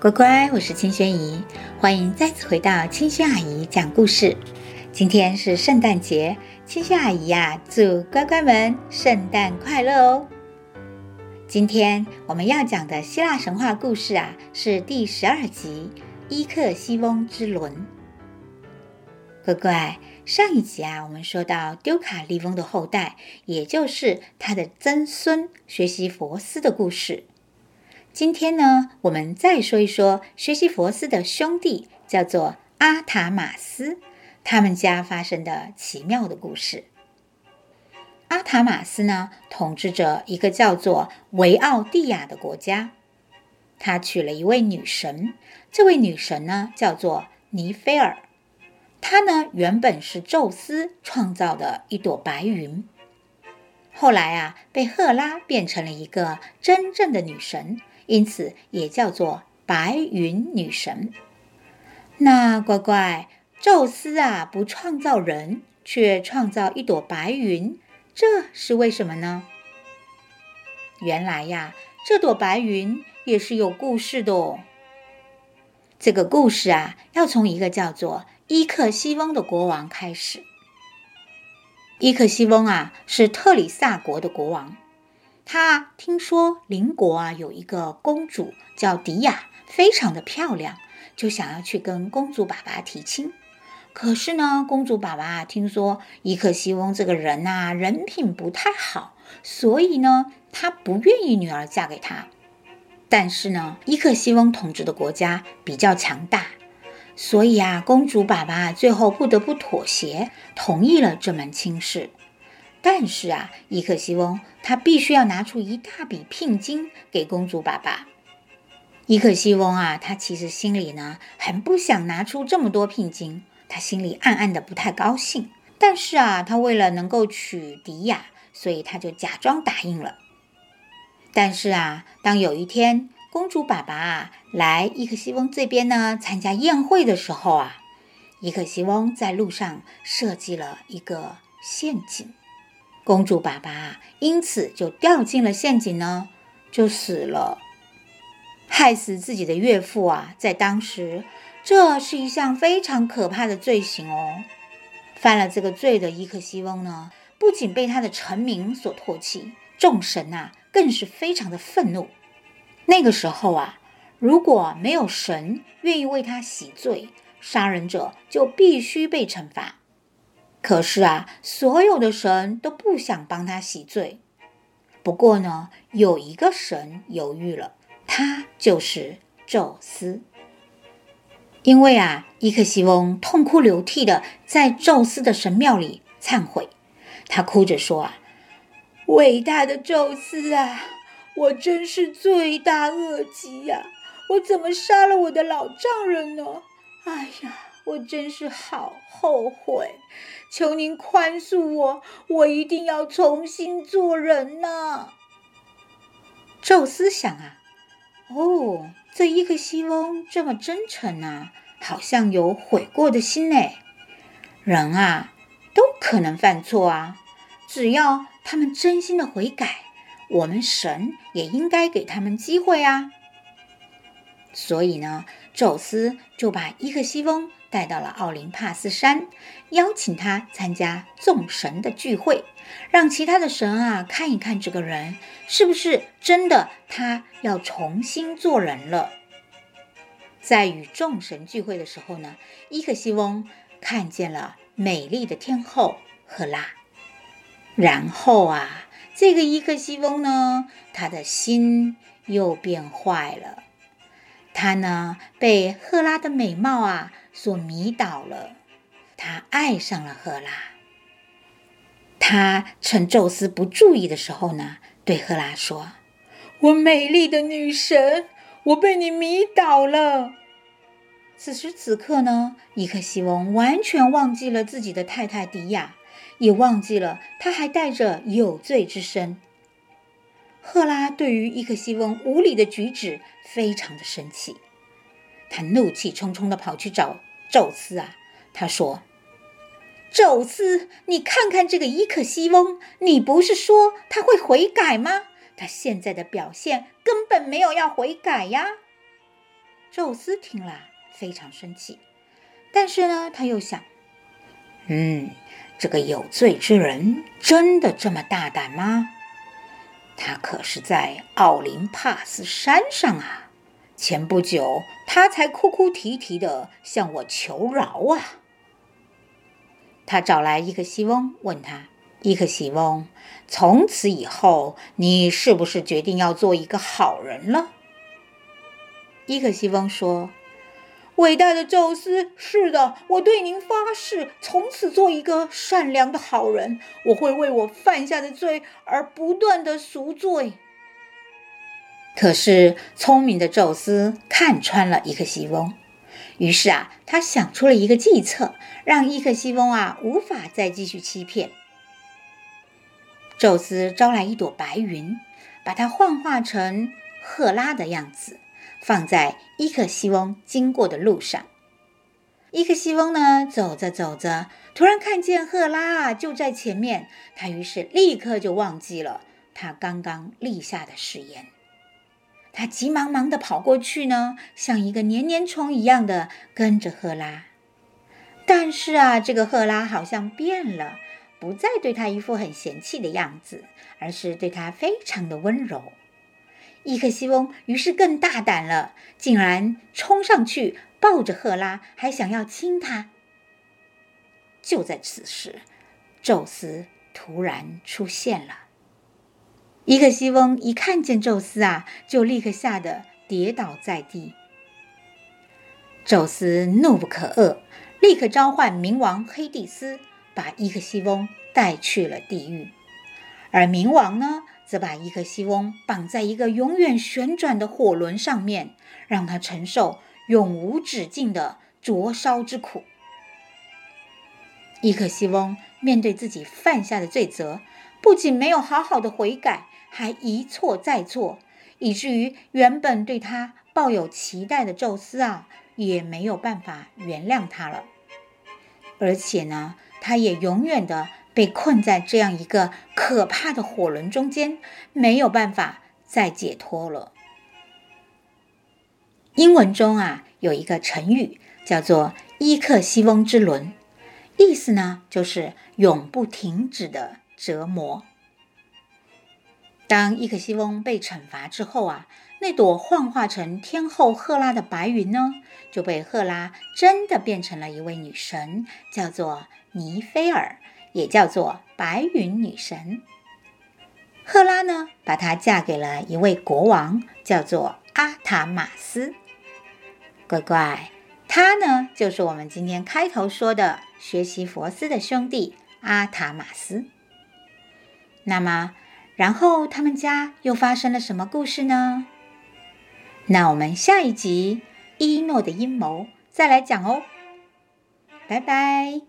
乖乖，我是青萱姨，歡迎再次回到青萱阿姨講故事。今天是聖誕節，青萱阿姨呀、啊，祝乖乖們聖誕快樂哦！今天我們要講的希臘神話故事啊，是第十二集《伊克西翁之輪》。乖乖，上一集啊，我們說到丟卡利翁的後代，也就是他的曾孫薛西弗斯的故事。今天呢，我們再說一說薛西弗斯的兄弟，叫做阿塔瑪斯，他們家發生的奇妙的故事。阿塔瑪斯呢，統治着一個叫做維奧蒂亞的國家，他娶了一位女神，這位女神呢，叫做尼菲爾，她呢，原本是宙斯創造的一朵白雲，後來啊，被赫拉變成了一個真正的女神。因此，也叫做白雲女神。那乖乖，宙斯啊，不創造人，卻創造一朵白雲，這是為什麼呢？原來呀，這朵白雲也是有故事的哦。這個故事啊，要從一個叫做伊克西翁的國王開始。伊克西翁啊，是特里薩國的國王。他聽說鄰國啊有一個公主叫迪亞，非常的漂亮，就想要去跟公主爸爸提親。可是呢，公主爸爸聽說伊克西翁這個人呐、啊、人品不太好，所以呢，他不願意女兒嫁給他。但是呢，伊克西翁統治的國家比較強大，所以啊，公主爸爸最後不得不妥協，同意了這門親事。但是啊，伊克西翁他必須要拿出一大筆聘金，給公主爸爸。伊克西翁啊，他其實心裡呢很不想拿出這麼多聘金，他心裡暗暗的不太高興。但是啊，他為了能夠娶迪雅，所以他就假裝答應了。但是啊，當有一天公主爸爸啊來伊克西翁這邊呢參加宴會的時候啊，伊克西翁在路上設計了一個陷阱。公主爸爸因此就掉進了陷阱呢，就死了，害死自己的岳父啊！在當時，這是一項非常可怕的罪行哦。犯了這個罪的伊克西翁呢，不僅被他的臣民所唾棄，眾神啊更是非常的憤怒。那個時候啊，如果沒有神願意為他洗罪，殺人者就必須被懲罰。可是啊，所有的神都不想幫他洗罪。不過呢，有一個神猶豫了，他就是宙斯。因為啊，伊克西翁痛哭流涕地在宙斯的神廟裡懺悔，他哭着說：“啊，偉大的宙斯啊，我真是罪大惡極呀、啊！我怎麼殺了我的老丈人呢？哎呀！”我真是好後悔，求您寬恕我，我一定要重新做人吶啊。宙斯想啊，哦，這伊克西翁這麼真誠啊，好像有悔過的心誒。人啊，都可能犯錯啊，只要他們真心的悔改，我們神也應該給他們機會啊。所以呢，宙斯就把伊克西翁。帶到了奧林帕斯山，邀請他參加眾神的聚會，讓其他的神啊看一看這個人是不是真的，他要重新做人了。在與眾神聚會的時候呢，伊克西翁看見了美麗的天後赫拉，然後啊，這個伊克西翁呢，他的心又變壞了。他呢，被赫拉的美貌啊所迷倒了，他愛上了赫拉。他趁宙斯不注意的時候呢，對赫拉說：“我美麗的女神，我被你迷倒了。”此時此刻呢，伊克西翁完全忘記了自己的太太迪亞，也忘記了他還帶着有罪之身。赫拉對於伊克西翁無禮的舉止非常的生氣，她怒氣衝衝地跑去找宙斯啊！她說：“宙斯，你看看這個伊克西翁，你不是說他會悔改嗎？他現在的表現根本沒有要悔改呀！”宙斯聽了非常生氣，但是呢，他又想：“嗯，這個有罪之人真的這麼大膽嗎？”他可是在奧林帕斯山上啊！前不久，他才哭哭啼啼地向我求饒啊！他找來伊克西翁，問他：“伊克西翁，從此以後，你是不是決定要做一個好人了？”伊克西翁說。偉大的宙斯，是的，我對您發誓，從此做一個善良的好人。我會為我犯下的罪而不斷的贖罪。可是，聰明的宙斯看穿了伊克西翁，於是啊，他想出了一個計策，讓伊克西翁啊無法再繼續欺騙。宙斯招來一朵白雲，把它幻化成赫拉的樣子。放在伊克西翁經過的路上。伊克西翁呢，走着走着，突然看見赫拉就在前面，他於是立刻就忘記了他剛剛立下的誓言。他急忙忙的跑過去呢，像一個黏黏蟲一樣的跟着赫拉。但是啊，這個赫拉好像變了，不再對他一副很嫌棄的樣子，而是對他非常的溫柔。伊克西翁於是更大膽了，竟然衝上去抱着赫拉，還想要親她。就在此時，宙斯突然出現了。伊克西翁一看見宙斯啊，就立刻嚇得跌倒在地。宙斯怒不可遏，立刻召喚冥王黑帝斯，把伊克西翁帶去了地獄。而冥王呢？則把伊克西翁綁在一個永遠旋轉的火輪上面，讓他承受永無止境的灼燒之苦。伊克西翁面對自己犯下的罪責，不僅沒有好好的悔改，還一錯再錯，以至於原本對他抱有期待的宙斯啊，也沒有辦法原諒他了。而且呢，他也永遠的，被困在這樣一個可怕的火輪中間，沒有辦法再解脫了。英文中啊，有一個成語叫做“伊克西翁之輪”，意思呢就是永不停止的折磨。當伊克西翁被懲罰之後啊，那朵幻化成天後赫拉的白雲呢，就被赫拉真的變成了一位女神，叫做尼菲爾。也叫做白雲女神赫拉呢，把她嫁給了一位國王，叫做阿塔馬斯。乖乖，他呢就是我們今天開頭說的薛西弗斯的兄弟阿塔馬斯。那麼，然後他們家又發生了什麼故事呢？那我們下一集伊諾的陰謀再來講哦。拜拜。